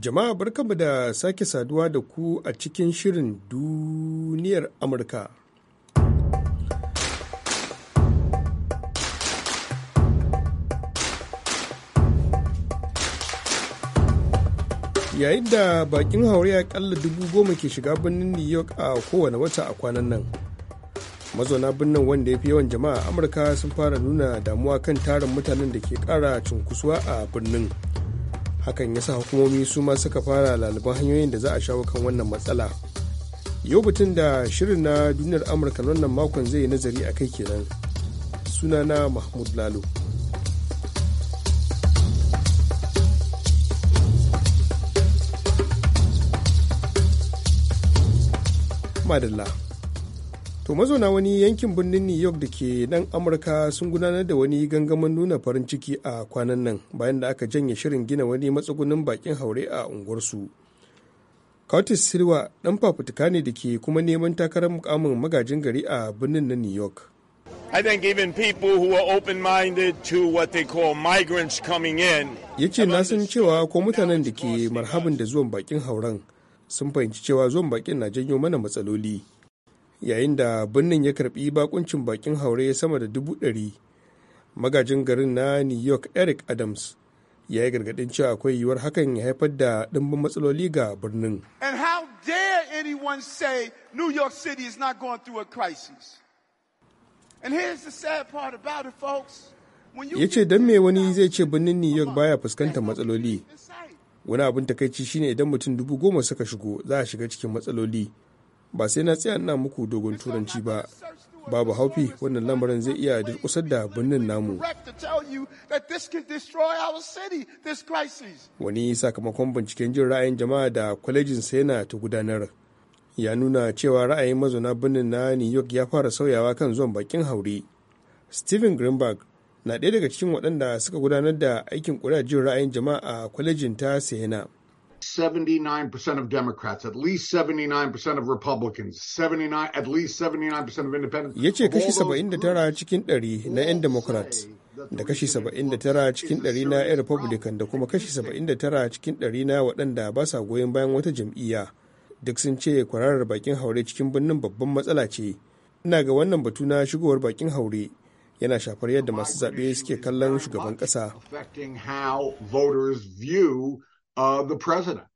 Jama'a barkanmu da sake saduwa da ku a cikin shirin duniyar Amurka. Yayin da bakin haure kalla dubu goma ke shiga birnin New York a kowane wata a kwanan nan. Mazauna birnin wanda ya fi yawan jama'a Amurka sun fara nuna damuwa kan tarin mutanen da ke kara cunkusuwa a birnin. hakan ya sa hukumomi su ma suka fara laliban hanyoyin da za a shawo kan wannan matsala yau batun da shirin na duniyar amurka wannan makon zai yi nazari a kai kenan sunana mahmud lalo madalla To mazauna wani yankin birnin New York da ke nan Amurka sun gudanar da wani gangamin nuna farin ciki a kwanan nan bayan da aka janye shirin gina wani matsugunin bakin haure a unguwarsu. Curtis Silva dan fafutuka ne da ke kuma neman takarar mukamin magajin gari a birnin na New York. I think even open-minded to what they call coming in. Yace na san cewa ko mutanen da ke marhabin da zuwan bakin hauren sun fahimci cewa zuwan bakin na janyo mana matsaloli. yayin da birnin ya karbi bakuncin bakin haure sama da dubu ɗari magajin garin na new york eric adams ya yi gargadin cewa akwai yiwuwar hakan ya haifar da ɗimbin matsaloli ga birnin and how dare anyone say city is not going through a crisis and here's the sad part ya ce don me wani zai ce birnin new york baya fuskantar matsaloli wani abin takaici shine idan mutum dubu goma suka shigo za a shiga cikin matsaloli ba sai na tsaya ina muku dogon turanci ba babu haufi wannan lamarin zai iya durkusar da birnin namu wani sakamakon binciken jin ra'ayin jama'a da kwalejin sena ta gudanar ya nuna cewa ra'ayin mazauna birnin na new york ya fara sauyawa kan zuwan bakin haure steven greenberg na ɗaya daga cikin waɗanda suka gudanar da aikin jin ra'ayin jama'a a kwalejin ta sena 79% of Democrats, at least 79% of Republicans, 79 at least 79% of independents. ce kashi 79 cikin 100 na 'yan Democrats da kashi 79 cikin 100 na 'yan Republican da kuma kashi 79 cikin 100 na waɗanda ba sa goyon bayan wata jam'iyya. Duk sun ce kwararar bakin haure cikin birnin babban matsala ce. Ina ga wannan batu na shigowar bakin haure yana shafar yadda masu zaɓe suke kallon shugaban ƙasa. uh, the president.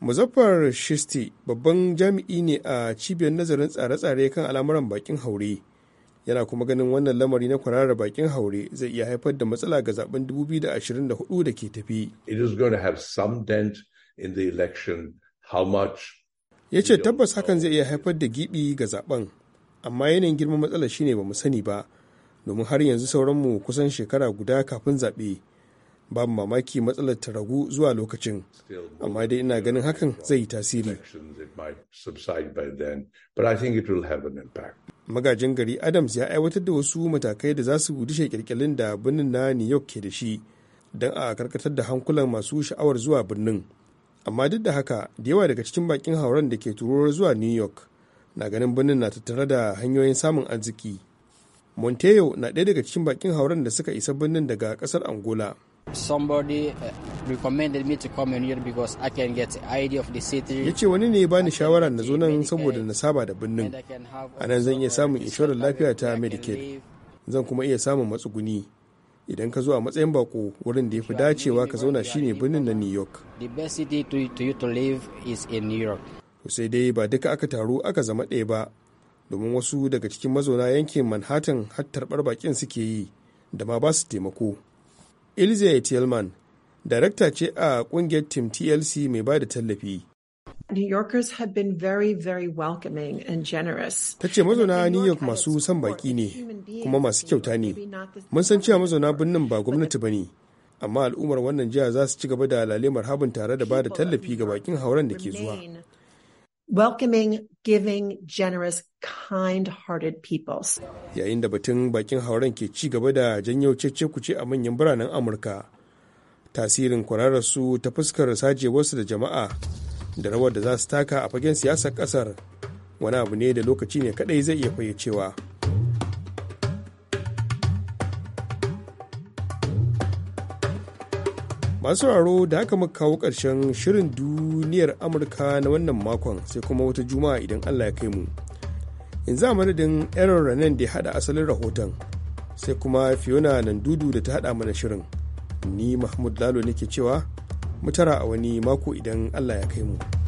Muzaffar Shisti babban jami'i ne a cibiyar nazarin tsare-tsare kan al'amuran bakin haure. Yana kuma ganin wannan lamari na kwararar bakin haure zai iya haifar da matsala ga zaben 2024 da ke tafi. It is going to have some dent in the election how much. Ya ce tabbas hakan zai iya haifar da gibi ga zaben, amma yanayin girman matsalar shine ba mu sani ba, domin har yanzu sauranmu kusan shekara guda kafin zaɓe. ba mamaki matsalar ta ragu zuwa lokacin amma dai ina ganin hakan zai yi tasiri magajin gari adams ya aiwatar da wasu matakai da za su gudishe kirkirin da birnin na new york ke da shi don a karkatar da hankulan masu sha'awar zuwa birnin amma duk da haka da yawa daga cikin bakin hauren da ke turuwar zuwa new york na ganin birnin na tattare da hanyoyin samun arziki monteo na ɗaya daga cikin bakin hauren da suka isa birnin daga ƙasar angola somebody uh, recommended me to come in I can get idea the city. Yace wani ne bani shawara na zo nan saboda na saba da birnin. A nan zan iya samun inshorar lafiya ta Medicaid. Zan kuma iya samun matsuguni. Idan ka zo a matsayin bako wurin da ya fi dacewa ka zauna shine birnin na uh, New York. The best to, is in New York. sai dai ba duka aka taru aka zama ɗaya ba domin wasu daga cikin mazauna yankin Manhattan har tarbar bakin suke yi da ma ba su taimako. ilze tillman darakta ce a kungiyar tim tlc mai ba da tallafi New Yorkers have been very, very welcoming and generous. Ta ce mazauna New York masu son baki ne, kuma masu kyauta ne. Mun san cewa mazauna birnin ba gwamnati ba ne, amma al'ummar wannan jiha za su ci gaba da lalemar habin tare da ba da tallafi ga bakin hauren da ke zuwa. Welcoming, giving, generous kind-hearted people. Yayin da batun bakin hauren ke ci gaba da janyo cece-kuce a manyan biranen Amurka, tasirin kwarararsu ta fuskar sajewarsu da jama'a da rawar da za su taka a fagen siyasar kasar wani abu ne da lokaci ne kadai zai iya fayyacewa. masu raro da haka muka kawo ƙarshen shirin duniyar amurka na wannan makon sai kuma wata juma'a idan allah ya kai mu in za a madadin aaron ranen da ya haɗa asalin rahoton sai kuma fiona nan dudu da ta haɗa mana shirin ni mahmud lalo nake cewa mutara a wani mako idan allah ya kai mu.